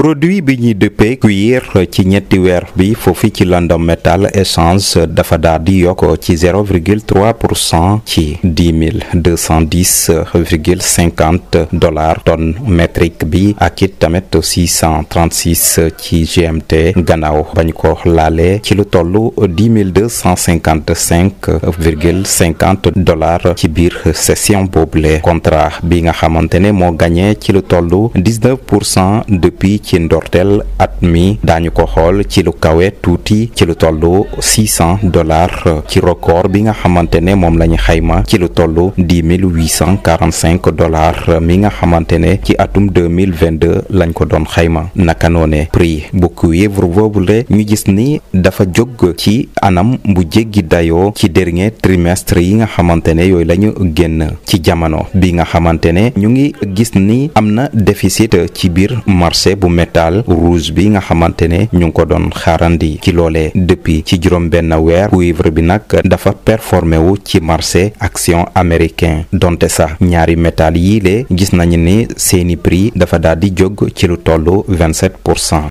produit bi ñuy dëppee cuir ci ñetti weer bi foofu ci London Metal Exchange dafa daal di yokk ci 0,3 pour cent ci 10 210,50 dollars tonne métrique bi ak it tamit 636 ci GMT gannaaw bañ ko laale ci lu toll 10 255,50 dollars ci biir session boobule contrat bi nga xamante ne moo gagné ci lu toll 19 pour cent depuis. ci ndorteel at mi daañu ko xool ci lu kawe tuuti ci lu tollu 600 dollars ci record bi nga xamante ne moom la ñu xayma ci lu tollu 10 845 dollars mi nga xamante ne ci atum 2022 lañ ko doon xayma naka noone prix bu cuivre boobule ñu gis ni dafa jóg ci anam bu jéggi dayo ci dernier trimestre yi nga xamante ne yooyu la génn ci jamono bi nga xamante ne ñu ngi gis ni am na déficit ci biir marché bu métal rouge bi nga xamante ne ñu ngi ko doon xaarandi ci loole depuis ci juróom benn weer cuivre bi nag dafa performé wu ci marché action américain donte sax ñaari métal yii lée gis nañu ni seeni prix dafa daal di jóg ci lu tollu vingt-sept pour